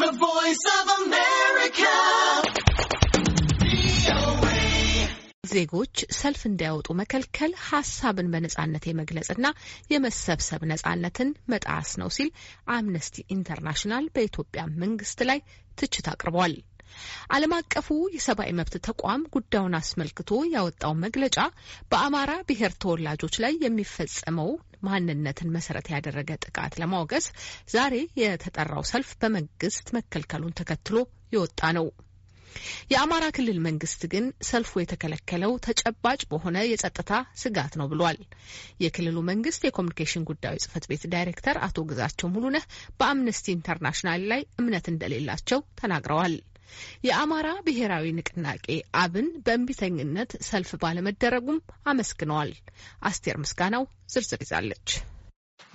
The Voice of America. ዜጎች ሰልፍ እንዳያወጡ መከልከል ሀሳብን በነጻነት የመግለጽና የመሰብሰብ ነጻነትን መጣስ ነው ሲል አምነስቲ ኢንተርናሽናል በኢትዮጵያ መንግስት ላይ ትችት አቅርቧል። ዓለም አቀፉ የሰብአዊ መብት ተቋም ጉዳዩን አስመልክቶ ያወጣው መግለጫ በአማራ ብሔር ተወላጆች ላይ የሚፈጸመው ማንነትን መሰረት ያደረገ ጥቃት ለማውገዝ ዛሬ የተጠራው ሰልፍ በመንግስት መከልከሉን ተከትሎ የወጣ ነው። የአማራ ክልል መንግስት ግን ሰልፉ የተከለከለው ተጨባጭ በሆነ የጸጥታ ስጋት ነው ብሏል። የክልሉ መንግስት የኮሚኒኬሽን ጉዳዮች ጽህፈት ቤት ዳይሬክተር አቶ ግዛቸው ሙሉነህ በአምነስቲ ኢንተርናሽናል ላይ እምነት እንደሌላቸው ተናግረዋል። የአማራ ብሔራዊ ንቅናቄ አብን በእንቢተኝነት ሰልፍ ባለመደረጉም አመስግነዋል። አስቴር ምስጋናው ዝርዝር ይዛለች።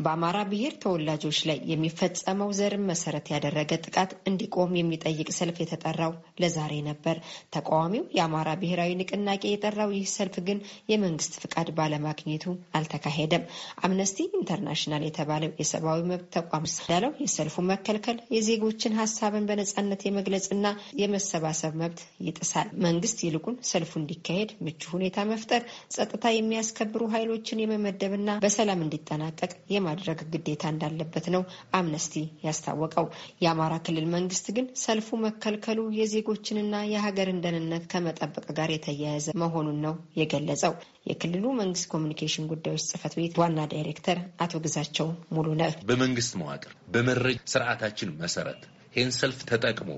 በአማራ ብሔር ተወላጆች ላይ የሚፈጸመው ዘርን መሰረት ያደረገ ጥቃት እንዲቆም የሚጠይቅ ሰልፍ የተጠራው ለዛሬ ነበር። ተቃዋሚው የአማራ ብሔራዊ ንቅናቄ የጠራው ይህ ሰልፍ ግን የመንግስት ፍቃድ ባለማግኘቱ አልተካሄደም። አምነስቲ ኢንተርናሽናል የተባለው የሰብአዊ መብት ተቋም እንዳለው የሰልፉ መከልከል የዜጎችን ሀሳብን በነጻነት የመግለጽና የመሰባሰብ መብት ይጥሳል። መንግስት ይልቁን ሰልፉ እንዲካሄድ ምቹ ሁኔታ መፍጠር፣ ጸጥታ የሚያስከብሩ ኃይሎችን የመመደብና በሰላም እንዲጠናቀቅ የማድረግ ግዴታ እንዳለበት ነው አምነስቲ ያስታወቀው። የአማራ ክልል መንግስት ግን ሰልፉ መከልከሉ የዜጎችንና የሀገርን ደህንነት ከመጠበቅ ጋር የተያያዘ መሆኑን ነው የገለጸው። የክልሉ መንግስት ኮሚኒኬሽን ጉዳዮች ጽህፈት ቤት ዋና ዳይሬክተር አቶ ግዛቸው ሙሉ ነህ በመንግስት መዋቅር በመረጃ ስርዓታችን መሰረት ይህን ሰልፍ ተጠቅሞ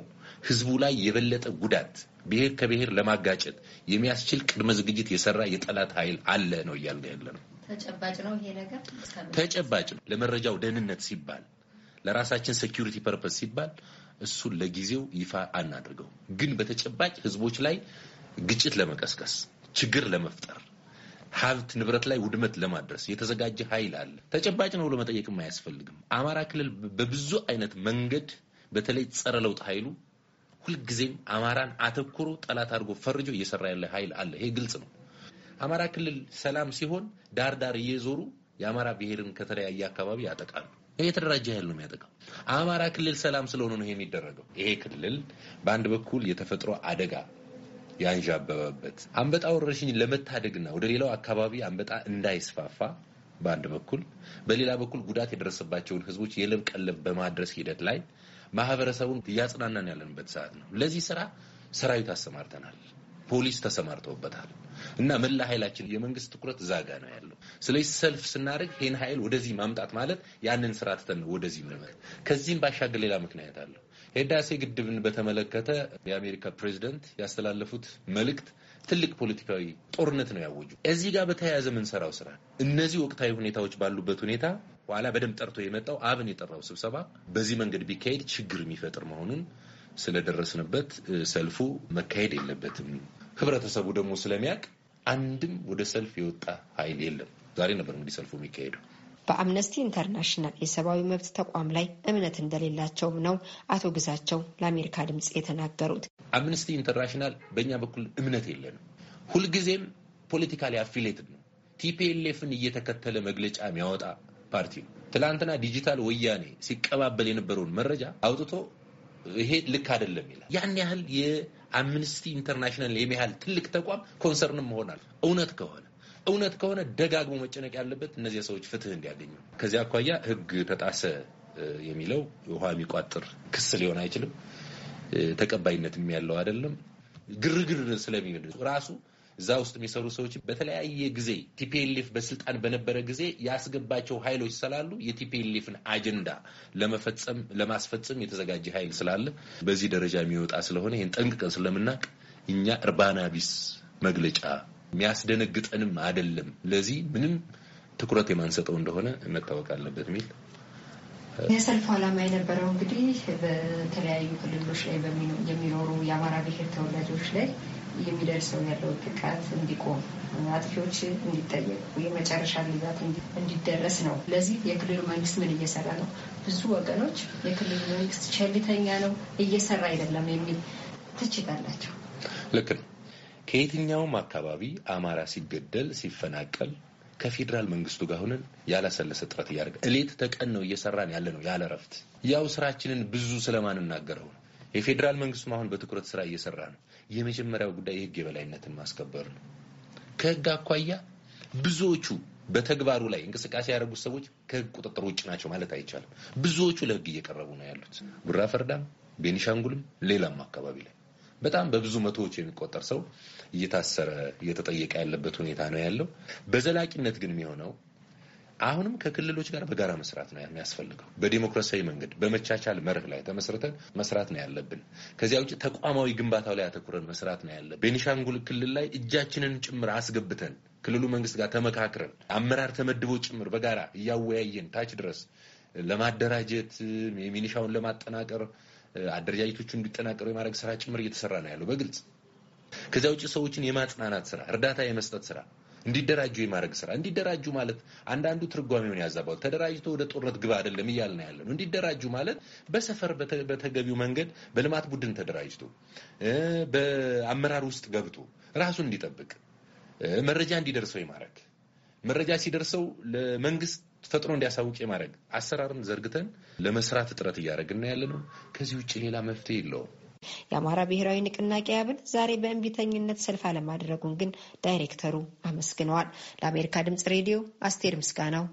ህዝቡ ላይ የበለጠ ጉዳት ብሔር ከብሔር ለማጋጨት የሚያስችል ቅድመ ዝግጅት የሰራ የጠላት ኃይል አለ ነው እያልን ያለ ነው። ተጨባጭ ነው ይሄ ነገር ተጨባጭ ነው። ለመረጃው ደህንነት ሲባል ለራሳችን ሴኪሪቲ ፐርፐስ ሲባል እሱን ለጊዜው ይፋ አናድርገው፣ ግን በተጨባጭ ህዝቦች ላይ ግጭት ለመቀስቀስ ችግር ለመፍጠር ሀብት ንብረት ላይ ውድመት ለማድረስ የተዘጋጀ ኃይል አለ። ተጨባጭ ነው ብሎ መጠየቅም አያስፈልግም። አማራ ክልል በብዙ አይነት መንገድ በተለይ ጸረ ለውጥ ኃይሉ ሁልጊዜም አማራን አተኩሮ ጠላት አድርጎ ፈርጆ እየሰራ ያለ ኃይል አለ። ይሄ ግልጽ ነው። አማራ ክልል ሰላም ሲሆን ዳር ዳር እየዞሩ የአማራ ብሔርን ከተለያየ አካባቢ ያጠቃሉ። ይሄ የተደራጀ የሚያጠቃው። አማራ ክልል ሰላም ስለሆነ ነው ይሄ የሚደረገው። ይሄ ክልል በአንድ በኩል የተፈጥሮ አደጋ ያንዣበበበት አንበጣ ወረርሽኝ ለመታደግና ወደ ሌላው አካባቢ አንበጣ እንዳይስፋፋ በአንድ በኩል በሌላ በኩል ጉዳት የደረሰባቸውን ህዝቦች የለብ ቀለብ በማድረስ ሂደት ላይ ማህበረሰቡን እያጽናናን ያለንበት ሰዓት ነው። ለዚህ ስራ ሰራዊት አሰማርተናል። ፖሊስ ተሰማርተውበታል እና መላ ኃይላችን የመንግስት ትኩረት ዛጋ ነው ያለው። ስለዚህ ሰልፍ ስናደርግ ይህን ኃይል ወደዚህ ማምጣት ማለት ያንን ስራ ትተን ወደዚህ ምንመት ከዚህም ባሻገር ሌላ ምክንያት አለው። ህዳሴ ግድብን በተመለከተ የአሜሪካ ፕሬዚደንት ያስተላለፉት መልእክት ትልቅ ፖለቲካዊ ጦርነት ነው ያወጁ። እዚህ ጋር በተያያዘ ምንሰራው ስራ እነዚህ ወቅታዊ ሁኔታዎች ባሉበት ሁኔታ ኋላ በደንብ ጠርቶ የመጣው አብን የጠራው ስብሰባ በዚህ መንገድ ቢካሄድ ችግር የሚፈጥር መሆኑን ስለደረስንበት ሰልፉ መካሄድ የለበትም ህብረተሰቡ ደግሞ ስለሚያውቅ አንድም ወደ ሰልፍ የወጣ ኃይል የለም። ዛሬ ነበር እንግዲህ ሰልፉ የሚካሄደው። በአምነስቲ ኢንተርናሽናል የሰብአዊ መብት ተቋም ላይ እምነት እንደሌላቸውም ነው አቶ ግዛቸው ለአሜሪካ ድምፅ የተናገሩት። አምነስቲ ኢንተርናሽናል በእኛ በኩል እምነት የለንም። ሁልጊዜም ፖለቲካሊ አፊሌትድ ነው። ቲፒኤልኤፍን እየተከተለ መግለጫ የሚያወጣ ፓርቲ ነው። ትናንትና ዲጂታል ወያኔ ሲቀባበል የነበረውን መረጃ አውጥቶ ይሄ ልክ አይደለም ይላል። ያን ያህል አምነስቲ ኢንተርናሽናል የሚያህል ትልቅ ተቋም ኮንሰርንም መሆናል እውነት ከሆነ እውነት ከሆነ ደጋግሞ መጨነቅ ያለበት እነዚህ ሰዎች ፍትህ እንዲያገኙ። ከዚያ አኳያ ህግ ተጣሰ የሚለው ውሃ የሚቋጥር ክስ ሊሆን አይችልም። ተቀባይነትም ያለው አይደለም። ግርግር ስለሚ ራሱ እዛ ውስጥ የሚሰሩ ሰዎች በተለያየ ጊዜ ቲፒኤልኤፍ በስልጣን በነበረ ጊዜ ያስገባቸው ኃይሎች ስላሉ የቲፒኤልኤፍን አጀንዳ ለመፈጸም ለማስፈጸም የተዘጋጀ ኃይል ስላለ በዚህ ደረጃ የሚወጣ ስለሆነ ይህን ጠንቅቀን ስለምናቅ እኛ እርባና ቢስ መግለጫ የሚያስደነግጠንም አይደለም። ለዚህ ምንም ትኩረት የማንሰጠው እንደሆነ መታወቅ አለበት የሚል የሰልፉ ዓላማ የነበረው እንግዲህ በተለያዩ ክልሎች ላይ የሚኖሩ የአማራ ብሔር ተወላጆች ላይ የሚደርሰው ያለው ጥቃት እንዲቆም አጥፊዎች እንዲጠየቁ የመጨረሻ ግዛት እንዲደረስ ነው። ለዚህ የክልሉ መንግስት ምን እየሰራ ነው? ብዙ ወገኖች የክልሉ መንግስት ቸልተኛ ነው፣ እየሰራ አይደለም የሚል ትችት አላቸው። ልክ ነው። ከየትኛውም አካባቢ አማራ ሲገደል ሲፈናቀል ከፌዴራል መንግስቱ ጋር ሆነን ያላሰለሰ ጥረት እያደረገ እሌት ተቀን ነው እየሰራን ያለ ነው ያለ እረፍት። ያው ስራችንን ብዙ ስለማንናገረው የፌዴራል መንግስቱም አሁን በትኩረት ስራ እየሰራ ነው። የመጀመሪያው ጉዳይ የህግ የበላይነትን ማስከበር ነው። ከህግ አኳያ ብዙዎቹ በተግባሩ ላይ እንቅስቃሴ ያደረጉት ሰዎች ከህግ ቁጥጥር ውጭ ናቸው ማለት አይቻልም። ብዙዎቹ ለህግ እየቀረቡ ነው ያሉት ጉራ ፈርዳም፣ ቤኒሻንጉልም፣ ሌላም አካባቢ ላይ በጣም በብዙ መቶዎች የሚቆጠር ሰው እየታሰረ እየተጠየቀ ያለበት ሁኔታ ነው ያለው። በዘላቂነት ግን የሚሆነው አሁንም ከክልሎች ጋር በጋራ መስራት ነው የሚያስፈልገው። በዲሞክራሲያዊ መንገድ በመቻቻል መርህ ላይ ተመስርተን መስራት ነው ያለብን። ከዚያ ውጭ ተቋማዊ ግንባታው ላይ አተኩረን መስራት ነው ያለብን። ቤኒሻንጉል ክልል ላይ እጃችንን ጭምር አስገብተን ክልሉ መንግስት ጋር ተመካክረን አመራር ተመድቦ ጭምር በጋራ እያወያየን ታች ድረስ ለማደራጀት ሚኒሻውን ለማጠናቀር አደረጃጀቶቹ እንዲጠናቀሩ የማድረግ ስራ ጭምር እየተሰራ ነው ያለው በግልጽ ከዚያ ውጭ ሰዎችን የማጽናናት ስራ፣ እርዳታ የመስጠት ስራ እንዲደራጁ የማድረግ ስራ እንዲደራጁ ማለት አንዳንዱ ትርጓሜውን ያዛባው ተደራጅቶ ወደ ጦርነት ግባ አይደለም እያልን ያለ ነው። እንዲደራጁ ማለት በሰፈር በተገቢው መንገድ በልማት ቡድን ተደራጅቶ በአመራር ውስጥ ገብቶ ራሱን እንዲጠብቅ መረጃ እንዲደርሰው የማድረግ መረጃ ሲደርሰው ለመንግስት ፈጥኖ እንዲያሳውቅ የማድረግ አሰራርን ዘርግተን ለመስራት እጥረት እያደረግን ያለ ነው። ከዚህ ውጭ ሌላ መፍትሄ የለውም። የአማራ ብሔራዊ ንቅናቄ አብን ዛሬ በእንቢተኝነት ሰልፍ አለማድረጉን ግን ዳይሬክተሩ አመስግነዋል። ለአሜሪካ ድምጽ ሬዲዮ አስቴር ምስጋናው